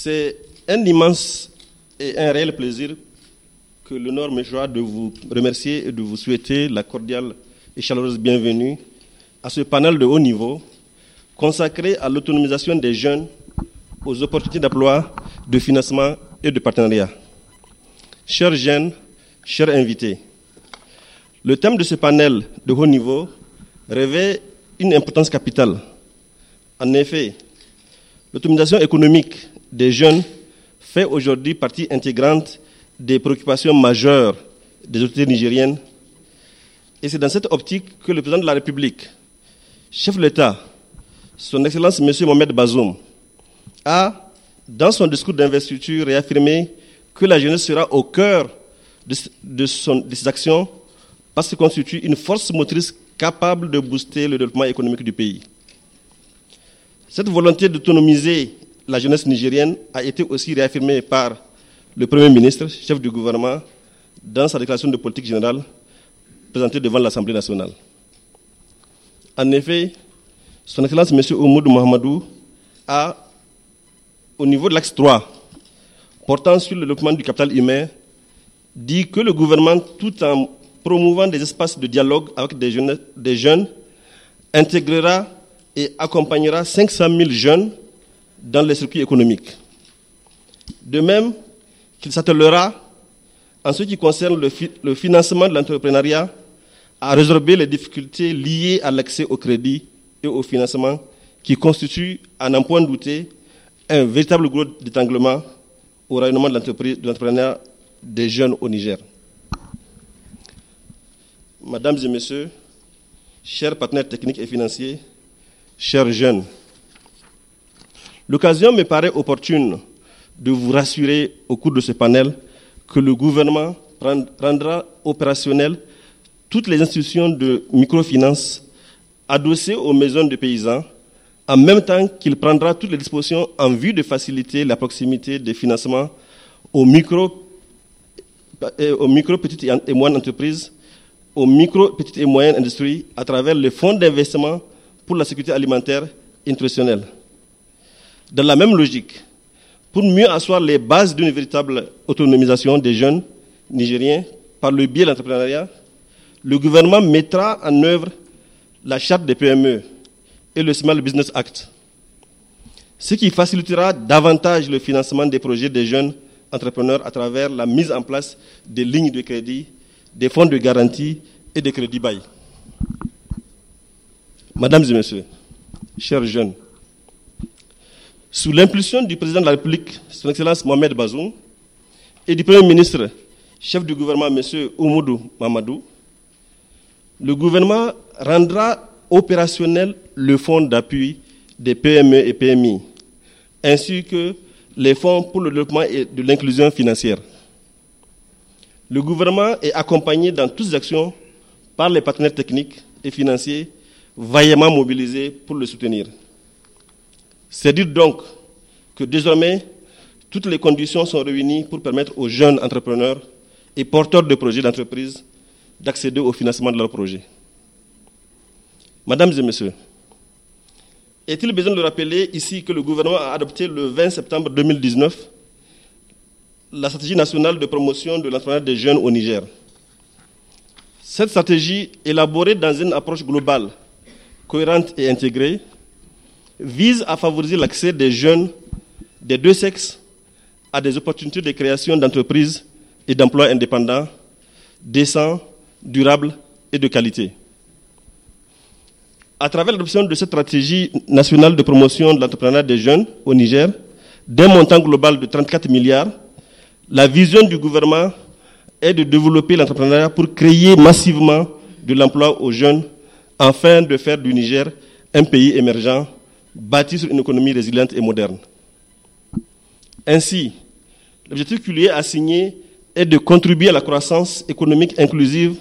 C'est un immense et un réel plaisir que l'honneur me joie de vous remercier et de vous souhaiter la cordiale et chaleureuse bienvenue à ce panel de haut niveau consacré à l'autonomisation des jeunes, aux opportunités d'emploi, de financement et de partenariat. Chers jeunes, chers invités, le thème de ce panel de haut niveau revêt une importance capitale. En effet, l'autonomisation économique des jeunes fait aujourd'hui partie intégrante des préoccupations majeures des autorités nigériennes. Et c'est dans cette optique que le président de la République, chef de l'État, son Excellence M. Mohamed Bazoum, a, dans son discours d'investiture, réaffirmé que la jeunesse sera au cœur de, de ses actions parce qu'elle constitue une force motrice capable de booster le développement économique du pays. Cette volonté d'autonomiser la jeunesse nigérienne a été aussi réaffirmée par le Premier ministre, chef du gouvernement, dans sa déclaration de politique générale présentée devant l'Assemblée nationale. En effet, son Excellence M. Oumoudou Mohamedou a, au niveau de l'axe 3, portant sur le développement du capital humain, dit que le gouvernement, tout en promouvant des espaces de dialogue avec des jeunes, des jeunes intégrera et accompagnera 500 000 jeunes dans les circuits économiques. De même qu'il s'attellera, en ce qui concerne le, financement de l'entrepreneuriat, à résorber les difficultés liées à l'accès au crédit et au financement qui constituent, à n'en point douter, un véritable gros d'étanglement au rayonnement de l'entrepreneuriat de des jeunes au Niger. Mesdames et Messieurs, chers partenaires techniques et financiers, chers jeunes, L'occasion me paraît opportune de vous rassurer au cours de ce panel que le gouvernement rendra opérationnel toutes les institutions de microfinance adossées aux maisons de paysans, en même temps qu'il prendra toutes les dispositions en vue de faciliter la proximité des financements aux micro, aux micro petites et moyennes entreprises, aux micro, petites et moyennes industries, à travers le fonds d'investissement pour la sécurité alimentaire nutritionnelle dans la même logique, pour mieux asseoir les bases d'une véritable autonomisation des jeunes nigériens par le biais de l'entrepreneuriat, le gouvernement mettra en œuvre la charte des PME et le Small Business Act, ce qui facilitera davantage le financement des projets des jeunes entrepreneurs à travers la mise en place des lignes de crédit, des fonds de garantie et des crédits bail. Mesdames et Messieurs, chers jeunes, sous l'impulsion du président de la République, son Excellence Mohamed Bazoum, et du Premier ministre, chef du gouvernement, Monsieur Oumoudou Mamadou, le gouvernement rendra opérationnel le fonds d'appui des PME et PMI, ainsi que les fonds pour le développement et de l'inclusion financière. Le gouvernement est accompagné dans toutes les actions par les partenaires techniques et financiers vaillamment mobilisés pour le soutenir. C'est dire donc que désormais, toutes les conditions sont réunies pour permettre aux jeunes entrepreneurs et porteurs de projets d'entreprise d'accéder au financement de leurs projets. Mesdames et messieurs, est-il besoin de rappeler ici que le gouvernement a adopté le 20 septembre 2019 la stratégie nationale de promotion de l'entrepreneuriat des jeunes au Niger Cette stratégie, élaborée dans une approche globale, cohérente et intégrée, vise à favoriser l'accès des jeunes des deux sexes à des opportunités de création d'entreprises et d'emplois indépendants, décents, durables et de qualité. À travers l'adoption de cette stratégie nationale de promotion de l'entrepreneuriat des jeunes au Niger, d'un montant global de 34 milliards, la vision du gouvernement est de développer l'entrepreneuriat pour créer massivement de l'emploi aux jeunes afin de faire du Niger un pays émergent bâti sur une économie résiliente et moderne. Ainsi, l'objectif que lui est assigné est de contribuer à la croissance économique inclusive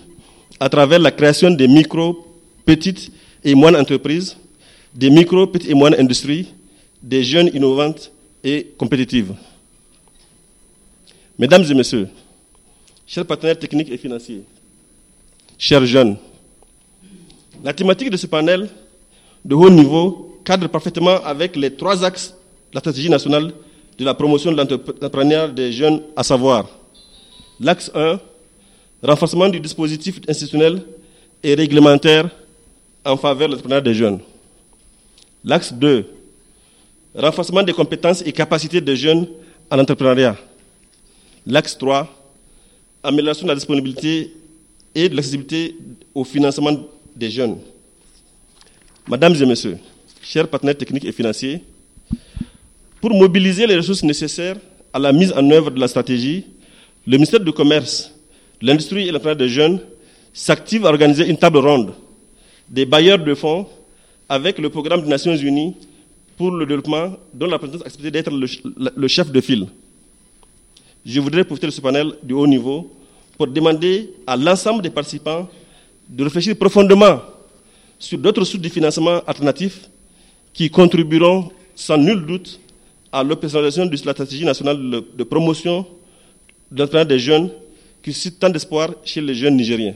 à travers la création des micro, petites et moyennes entreprises, des micro, petites et moyennes industries, des jeunes innovantes et compétitives. Mesdames et messieurs, chers partenaires techniques et financiers, chers jeunes, la thématique de ce panel de haut niveau cadre parfaitement avec les trois axes de la stratégie nationale de la promotion de l'entrepreneuriat des jeunes, à savoir l'axe 1, renforcement du dispositif institutionnel et réglementaire en faveur de l'entrepreneuriat des jeunes. L'axe 2, renforcement des compétences et capacités des jeunes en entrepreneuriat. L'axe 3, amélioration de la disponibilité et de l'accessibilité au financement des jeunes. Mesdames et Messieurs, chers partenaires techniques et financiers, pour mobiliser les ressources nécessaires à la mise en œuvre de la stratégie, le ministère du Commerce, l'Industrie et l'Emploi des Jeunes s'active à organiser une table ronde des bailleurs de fonds avec le programme des Nations Unies pour le développement, dont la présidence a d'être le, chef de file. Je voudrais profiter de ce panel du haut niveau pour demander à l'ensemble des participants de réfléchir profondément sur d'autres sources de financement alternatifs qui contribueront sans nul doute à l'opérationnalisation de la stratégie nationale de promotion de l'entraînement des jeunes qui suscite tant d'espoir chez les jeunes nigériens.